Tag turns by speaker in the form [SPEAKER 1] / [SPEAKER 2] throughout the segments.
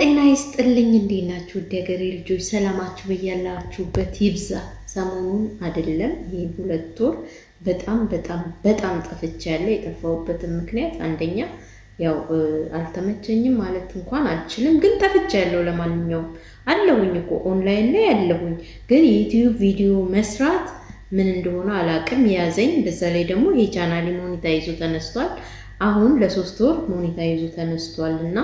[SPEAKER 1] ጤና ይስጥልኝ። እንዴት ናችሁ? ደገሬ ልጆች ሰላማችሁ በያላችሁበት ይብዛ። ሰሞኑን አይደለም ይህ ሁለት ወር በጣም በጣም በጣም ጠፍቻ ያለ የጠፋሁበትን ምክንያት አንደኛ ያው አልተመቸኝም ማለት እንኳን አልችልም፣ ግን ጠፍቻ ያለው ለማንኛውም አለሁኝ እኮ ኦንላይን ላይ ያለሁኝ፣ ግን የዩትዩብ ቪዲዮ መስራት ምን እንደሆነ አላቅም ያዘኝ። በዛ ላይ ደግሞ ይሄ ሞኒታ ይዞ ተነስቷል። አሁን ለሶስት ወር ሞኒታይዙ ተነስቷል እና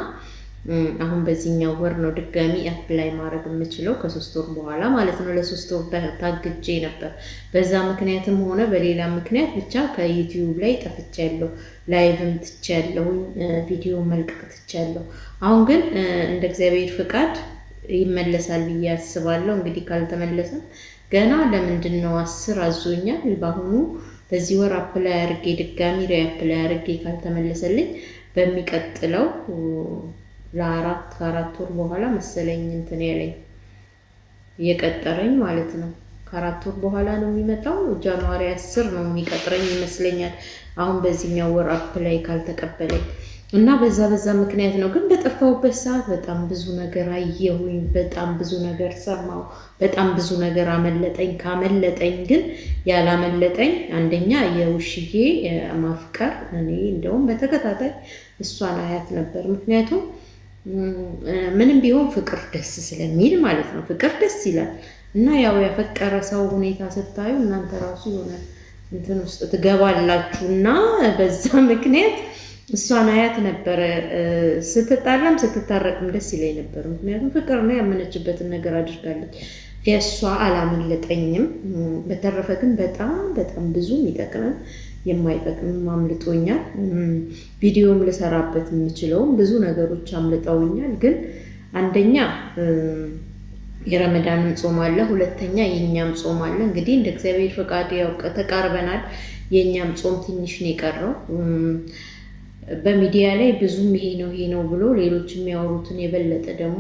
[SPEAKER 1] አሁን በዚህኛው ወር ነው ድጋሚ አፕላይ ማድረግ የምችለው ከሶስት ወር በኋላ ማለት ነው። ለሶስት ወር ታግጄ ነበር። በዛ ምክንያትም ሆነ በሌላ ምክንያት ብቻ ከዩቲዩብ ላይ ጠፍቻለሁ። ላይቭም ትቻለሁ፣ ቪዲዮ መልቀቅ ትቻለሁ። አሁን ግን እንደ እግዚአብሔር ፍቃድ ይመለሳል ብዬ አስባለሁ። እንግዲህ ካልተመለሰም ገና ለምንድን ነው አስር አዞኛል። በአሁኑ በዚህ ወር አፕላይ አድርጌ ድጋሚ ላይ አፕላይ አድርጌ ካልተመለሰልኝ በሚቀጥለው ለአራት ከአራት ወር በኋላ መሰለኝ እንትን ያለኝ የቀጠረኝ ማለት ነው። ከአራት ወር በኋላ ነው የሚመጣው። ጃንዋሪ አስር ነው የሚቀጥረኝ ይመስለኛል። አሁን በዚህኛው ወር አፕ ላይ ካልተቀበለኝ እና በዛ በዛ ምክንያት ነው። ግን በጠፋሁበት ሰዓት በጣም ብዙ ነገር አየሁኝ፣ በጣም ብዙ ነገር ሰማሁ፣ በጣም ብዙ ነገር አመለጠኝ። ካመለጠኝ ግን ያላመለጠኝ አንደኛ የውሽዬ ማፍቀር እኔ እንደውም በተከታታይ እሷን አያት ነበር ምክንያቱም ምንም ቢሆን ፍቅር ደስ ስለሚል ማለት ነው። ፍቅር ደስ ይላል እና ያው ያፈቀረ ሰው ሁኔታ ስታዩ እናንተ ራሱ የሆነ እንትን ውስጥ ትገባላችሁ እና በዛ ምክንያት እሷን አያት ነበረ። ስትጣላም ስትታረቅም ደስ ይለኝ ነበር። ምክንያቱም ፍቅር ነው፣ ያመነችበትን ነገር አድርጋለች። የእሷ አላመለጠኝም። በተረፈ ግን በጣም በጣም ብዙ የሚጠቅመን የማይጠቅምም አምልጦኛል። ቪዲዮም ልሰራበት የምችለውም ብዙ ነገሮች አምልጠውኛል። ግን አንደኛ የረመዳንም ጾም አለ፣ ሁለተኛ የእኛም ጾም አለ። እንግዲህ እንደ እግዚአብሔር ፈቃድ ያው ተቃርበናል። የእኛም ጾም ትንሽ ነው የቀረው። በሚዲያ ላይ ብዙም ይሄ ነው ይሄ ነው ብሎ ሌሎች የሚያወሩትን የበለጠ ደግሞ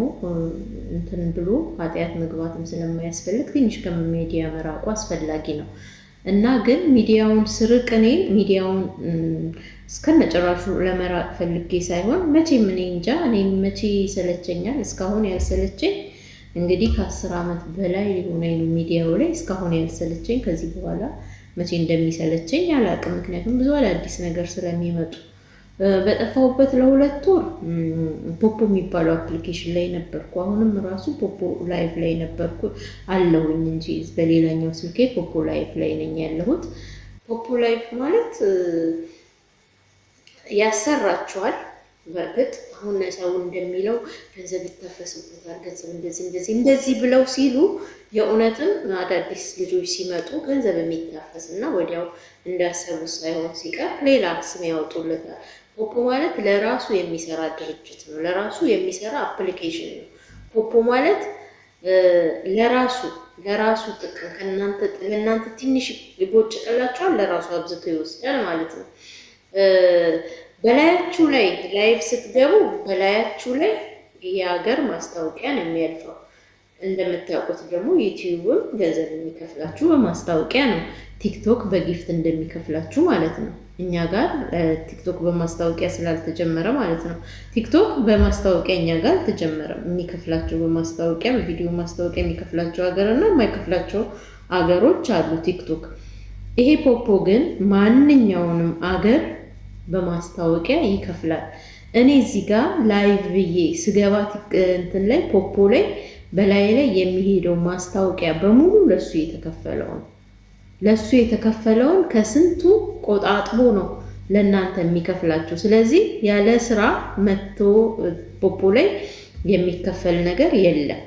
[SPEAKER 1] እንትን ብሎ ኃጢአት መግባትም ስለማያስፈልግ ትንሽ ከሚዲያ መራቁ አስፈላጊ ነው። እና ግን ሚዲያውን ስርቅ እኔ ሚዲያውን እስከነጭራሹ ለመራቅ ፈልጌ ሳይሆን መቼም እኔ እንጃ እኔ መቼ ይሰለቸኛል። እስካሁን ያልሰለቸኝ እንግዲህ ከአስር ዓመት በላይ ሊሆነ ሚዲያው ላይ እስካሁን ያልሰለቸኝ። ከዚህ በኋላ መቼ እንደሚሰለቸኝ አላውቅም። ምክንያቱም ብዙ አዳዲስ ነገር ስለሚመጡ በጠፋሁበት ለሁለት ወር ፖፖ የሚባለው አፕሊኬሽን ላይ ነበርኩ። አሁንም ራሱ ፖፖ ላይቭ ላይ ነበርኩ አለሁኝ እንጂ በሌላኛው ስልኬ ፖፖ ላይቭ ላይ ነኝ ያለሁት። ፖፖ ላይቭ ማለት ያሰራችኋል። በእርግጥ አሁን ሰው እንደሚለው ገንዘብ ይታፈስበታል፣ ገንዘብ እንደዚህ እንደዚህ እንደዚህ ብለው ሲሉ የእውነትም አዳዲስ ልጆች ሲመጡ ገንዘብ የሚታፈስ እና ወዲያው እንዳሰቡ ሳይሆን ሲቀር ሌላ ስም ያወጡለታል። ፖፖ ማለት ለራሱ የሚሰራ ድርጅት ነው። ለራሱ የሚሰራ አፕሊኬሽን ነው። ፖፖ ማለት ለራሱ ለራሱ ጥቅም ከእናንተ ትንሽ ቦጭ ቀላቸዋል ለራሱ አብዝቶ ይወስዳል ማለት ነው። በላያችሁ ላይ ላይቭ ስትገቡ በላያችሁ ላይ የሀገር ማስታወቂያን የሚያልፈው እንደምታውቁት ደግሞ ዩቲዩብም ገንዘብ የሚከፍላችሁ በማስታወቂያ ነው። ቲክቶክ በጊፍት እንደሚከፍላችሁ ማለት ነው። እኛ ጋር ቲክቶክ በማስታወቂያ ስላልተጀመረ ማለት ነው። ቲክቶክ በማስታወቂያ እኛ ጋር አልተጀመረም። የሚከፍላቸው በማስታወቂያ በቪዲዮ ማስታወቂያ የሚከፍላቸው ሀገርና የማይከፍላቸው አገሮች አሉ። ቲክቶክ ይሄ ፖፖ ግን ማንኛውንም አገር በማስታወቂያ ይከፍላል። እኔ እዚህ ጋር ላይቭ ብዬ ስገባ እንትን ላይ ፖፖ ላይ በላይ ላይ የሚሄደው ማስታወቂያ በሙሉ ለሱ የተከፈለውን ለሱ የተከፈለውን ከስንቱ ቆጣጥቦ ነው ለእናንተ የሚከፍላችሁ። ስለዚህ ያለ ስራ መቶ ቦቦ ላይ የሚከፈል ነገር የለም።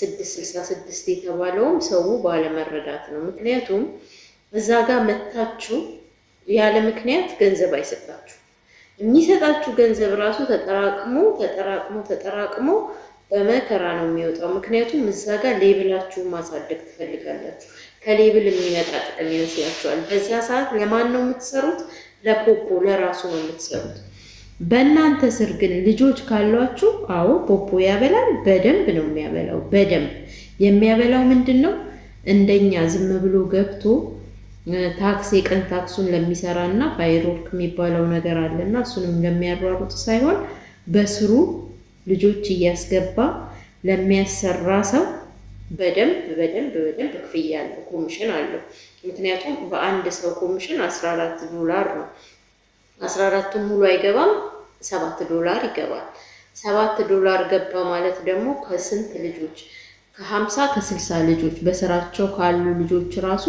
[SPEAKER 1] ስድስት ስልሳ ስድስት የተባለውም ሰው ባለመረዳት ነው። ምክንያቱም እዛ ጋር መታችሁ ያለ ምክንያት ገንዘብ አይሰጣችሁ የሚሰጣችሁ ገንዘብ ራሱ ተጠራቅሞ ተጠራቅሞ ተጠራቅሞ በመከራ ነው የሚወጣው። ምክንያቱም እዛ ጋር ሌብላችሁ ማሳደግ ትፈልጋላችሁ። ከሌብል የሚመጣ ጥቅም ይመስላችኋል። በዚያ ሰዓት ለማን ነው የምትሰሩት? ለፖፖ ለራሱ ነው የምትሰሩት። በእናንተ ስር ግን ልጆች ካሏችሁ፣ አዎ ፖፖ ያበላል። በደንብ ነው የሚያበላው። በደንብ የሚያበላው ምንድን ነው? እንደኛ ዝም ብሎ ገብቶ ታክስ የቀን ታክሱን ለሚሰራ እና ፋይሮክ የሚባለው ነገር አለ እና እሱንም ለሚያሯሩጥ ሳይሆን በስሩ ልጆች እያስገባ ለሚያሰራ ሰው በደንብ በደንብ በደንብ ክፍያ አለው፣ ኮሚሽን አለው። ምክንያቱም በአንድ ሰው ኮሚሽን 14 ዶላር ነው። አስራ ቱ ሙሉ አይገባም፣ ሰባት ዶላር ይገባል። ሰባት ዶላር ገባ ማለት ደግሞ ከስንት ልጆች ከሀምሳ ከስልሳ ልጆች በስራቸው ካሉ ልጆች ራሱ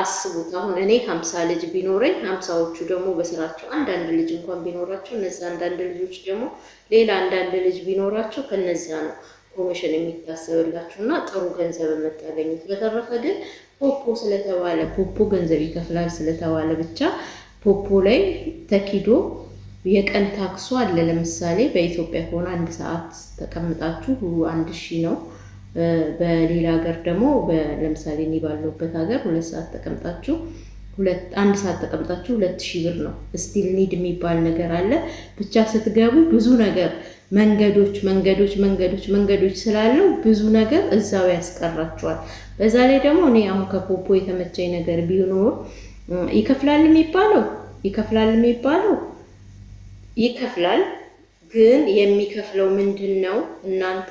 [SPEAKER 1] አስቡት አሁን እኔ ሀምሳ ልጅ ቢኖረኝ ሀምሳዎቹ ደግሞ በስራቸው አንዳንድ ልጅ እንኳን ቢኖራቸው እነዚህ አንዳንድ ልጆች ደግሞ ሌላ አንዳንድ ልጅ ቢኖራቸው ከነዚያ ነው ኮሚሽን የሚታሰብላችሁ እና ጥሩ ገንዘብ የምታገኙት። በተረፈ ግን ፖፖ ስለተባለ ፖፖ ገንዘብ ይከፍላል ስለተባለ ብቻ ፖፖ ላይ ተኪዶ የቀን ታክሶ አለ። ለምሳሌ በኢትዮጵያ ከሆነ አንድ ሰዓት ተቀምጣችሁ አንድ ሺህ ነው በሌላ ሀገር ደግሞ ለምሳሌ እኔ ባለሁበት ሀገር ሁለት ሰዓት ተቀምጣችሁ አንድ ሰዓት ተቀምጣችሁ ሁለት ሺህ ብር ነው። ስቲል ኒድ የሚባል ነገር አለ። ብቻ ስትገቡ ብዙ ነገር መንገዶች መንገዶች መንገዶች መንገዶች ስላለው ብዙ ነገር እዛው ያስቀራችኋል። በዛ ላይ ደግሞ እኔ አሁን ከፖፖ የተመቸኝ ነገር ቢኖር ይከፍላል የሚባለው ይከፍላል የሚባለው ይከፍላል፣ ግን የሚከፍለው ምንድን ነው እናንተ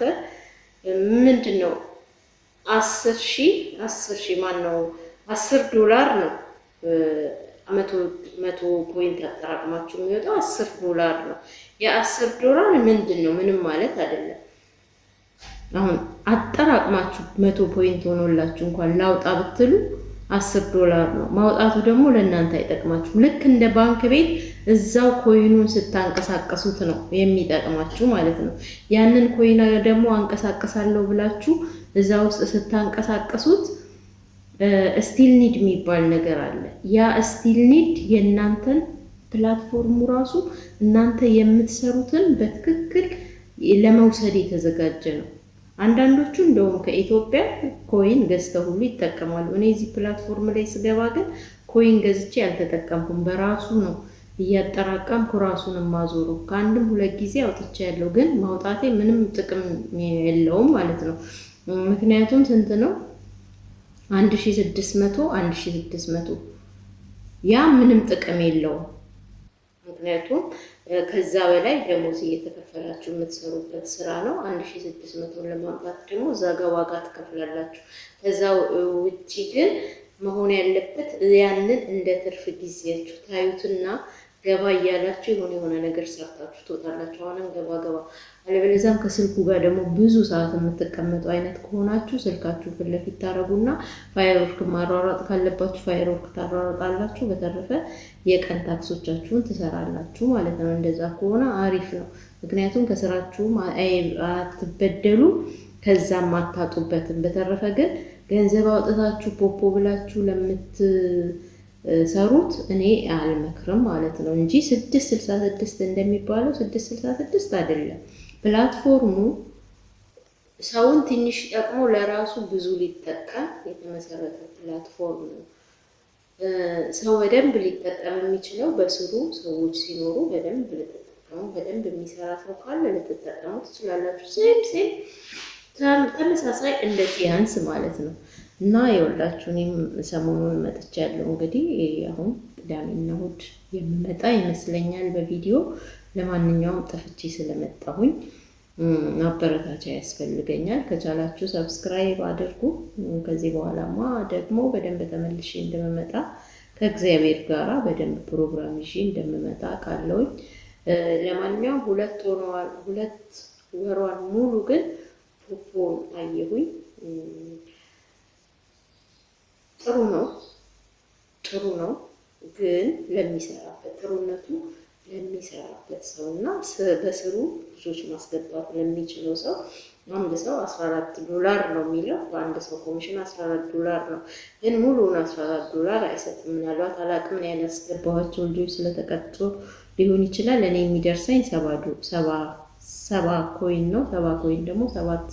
[SPEAKER 1] ምንድን ነው አስር ሺ አስር ሺ ማን ነው አስር ዶላር ነው መቶ ፖይንት አጠራቅማችሁ የሚወጣው አስር ዶላር ነው። የአስር ዶላር ምንድን ነው ምንም ማለት አይደለም። አሁን አጠራቅማችሁ መቶ ፖይንት ሆኖላችሁ እንኳን ላውጣ ብትሉ አስር ዶላር ነው። ማውጣቱ ደግሞ ለእናንተ አይጠቅማችሁም። ልክ እንደ ባንክ ቤት እዛው ኮይኑን ስታንቀሳቀሱት ነው የሚጠቅማችሁ ማለት ነው። ያንን ኮይና ደግሞ አንቀሳቀሳለሁ ብላችሁ እዛ ውስጥ ስታንቀሳቀሱት ስቲል ኒድ የሚባል ነገር አለ። ያ ስቲል ኒድ የእናንተን ፕላትፎርሙ ራሱ እናንተ የምትሰሩትን በትክክል ለመውሰድ የተዘጋጀ ነው። አንዳንዶቹ እንደውም ከኢትዮጵያ ኮይን ገዝተው ሁሉ ይጠቀማሉ። እኔ እዚህ ፕላትፎርም ላይ ስገባ ግን ኮይን ገዝቼ አልተጠቀምኩም። በራሱ ነው እያጠራቀምኩ ራሱን ማዞሩ ከአንድም ሁለት ጊዜ አውጥቻ ያለው ግን ማውጣቴ ምንም ጥቅም የለውም ማለት ነው። ምክንያቱም ስንት ነው? አንድ ሺ ስድስት መቶ አንድ ሺ ስድስት መቶ ያ ምንም ጥቅም የለውም። ምክንያቱም ከዛ በላይ ደሞዝ እየተከፈላችሁ የምትሰሩበት ስራ ነው። አንድ ሺ ስድስት መቶን ለማምጣት ደግሞ እዛ ጋ ዋጋ ትከፍላላችሁ። ከዛ ውጭ ግን መሆን ያለበት ያንን እንደ ትርፍ ጊዜያችሁ ታዩትና ገባ እያላችሁ የሆነ የሆነ ነገር ሰርታችሁ ትወጣላችሁ። አሁንም ገባ ገባ። አለበለዚያም ከስልኩ ጋር ደግሞ ብዙ ሰዓት የምትቀመጡ አይነት ከሆናችሁ ስልካችሁ ፊት ለፊት ታረጉና ፋየርወርክ ማሯሯጥ ካለባችሁ ፋየርወርክ ታሯሯጣላችሁ። በተረፈ የቀን ታክሶቻችሁን ትሰራላችሁ ማለት ነው። እንደዛ ከሆነ አሪፍ ነው። ምክንያቱም ከስራችሁም አትበደሉ፣ ከዛም አታጡበትም። በተረፈ ግን ገንዘብ አውጥታችሁ ፖፖ ብላችሁ ለምት ሰሩት እኔ አልመክርም ማለት ነው እንጂ 666 እንደሚባለው ስድስት አይደለም። ፕላትፎርሙ ሰውን ትንሽ ጠቅሞ ለራሱ ብዙ ሊጠቀም የተመሰረተ ፕላትፎርም ነው። ሰው በደንብ ሊጠቀም የሚችለው በስሩ ሰዎች ሲኖሩ በደንብ ልትጠቀሙ በደንብ የሚሰራ ሰው ካለ ልትጠቀሙ ትችላላችሁ። ሴም ሴም ተመሳሳይ እንደ ቲያንስ ማለት ነው። እና የወላችሁ እኔም ሰሞኑን መጥቻ ያለው እንግዲህ አሁን ቅዳሜና እሑድ የምመጣ ይመስለኛል በቪዲዮ ለማንኛውም ጠፍቼ ስለመጣሁኝ ማበረታቻ ያስፈልገኛል። ከቻላችሁ ሰብስክራይብ አድርጉ። ከዚህ በኋላማ ደግሞ በደንብ ተመልሼ እንደምመጣ ከእግዚአብሔር ጋራ በደንብ ፕሮግራም ይዤ እንደምመጣ ቃለውኝ። ለማንኛውም ሁለት ሁለት ወሯን ሙሉ ግን ፖፖን አየሁኝ። ጥሩ ነው ጥሩ ነው ግን ለሚሰራበት ጥሩነቱ ለሚሰራበት ሰው እና በስሩ ልጆች ማስገባት ለሚችለው ሰው አንድ ሰው 14 ዶላር ነው የሚለው በአንድ ሰው ኮሚሽን 14 ዶላር ነው። ግን ሙሉውን 14 ዶላር አይሰጥም። ምናልባት አላቅም ነው ያላስገባኋቸው ልጆች ስለተቀጡ ሊሆን ይችላል። እኔ የሚደርሰኝ ሰባ ኮይን ነው። ሰባ ኮይን ደግሞ ሰባት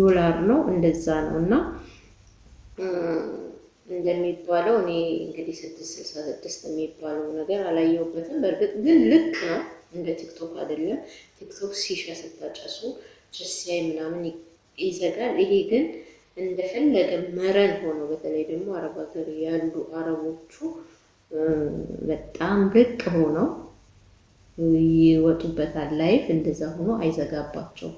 [SPEAKER 1] ዶላር ነው። እንደዛ ነው እና እንደሚባለው እኔ እንግዲህ ስድስት ስልሳ ስድስት የሚባለው ነገር አላየሁበትም። በእርግጥ ግን ልክ ነው፣ እንደ ቲክቶክ አይደለም። ቲክቶክ ሲሻ ስታጨሱ ጭስያይ ምናምን ይዘጋል። ይሄ ግን እንደፈለገ መረን ሆኖ በተለይ ደግሞ አረብ ሀገር ያሉ አረቦቹ በጣም ልቅ ሆነው ይወጡበታል። ላይፍ እንደዛ ሆኖ አይዘጋባቸው።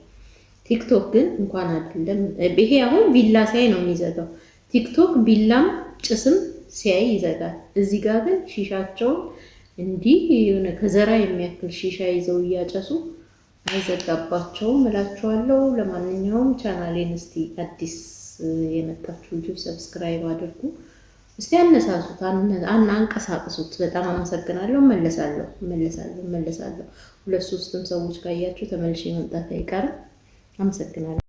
[SPEAKER 1] ቲክቶክ ግን እንኳን አይደለም ይሄ አሁን ቪላ ሳይ ነው የሚዘጋው ቲክቶክ ቢላም ጭስም ሲያይ ይዘጋል። እዚህ ጋር ግን ሺሻቸውን እንዲህ የሆነ ከዘራ የሚያክል ሺሻ ይዘው እያጨሱ አይዘጋባቸውም እላችኋለሁ። ለማንኛውም ቻናሌን እስቲ አዲስ የመጣችሁ ልጆች ሰብስክራይብ አድርጉ። እስቲ አነሳሱት፣ አንቀሳቅሱት። በጣም አመሰግናለሁ። መለሳለሁ መለሳለሁ መለሳለሁ። ሁለት ሶስትም ሰዎች ካያችሁ ተመልሼ መምጣት አይቀርም። አመሰግናለሁ።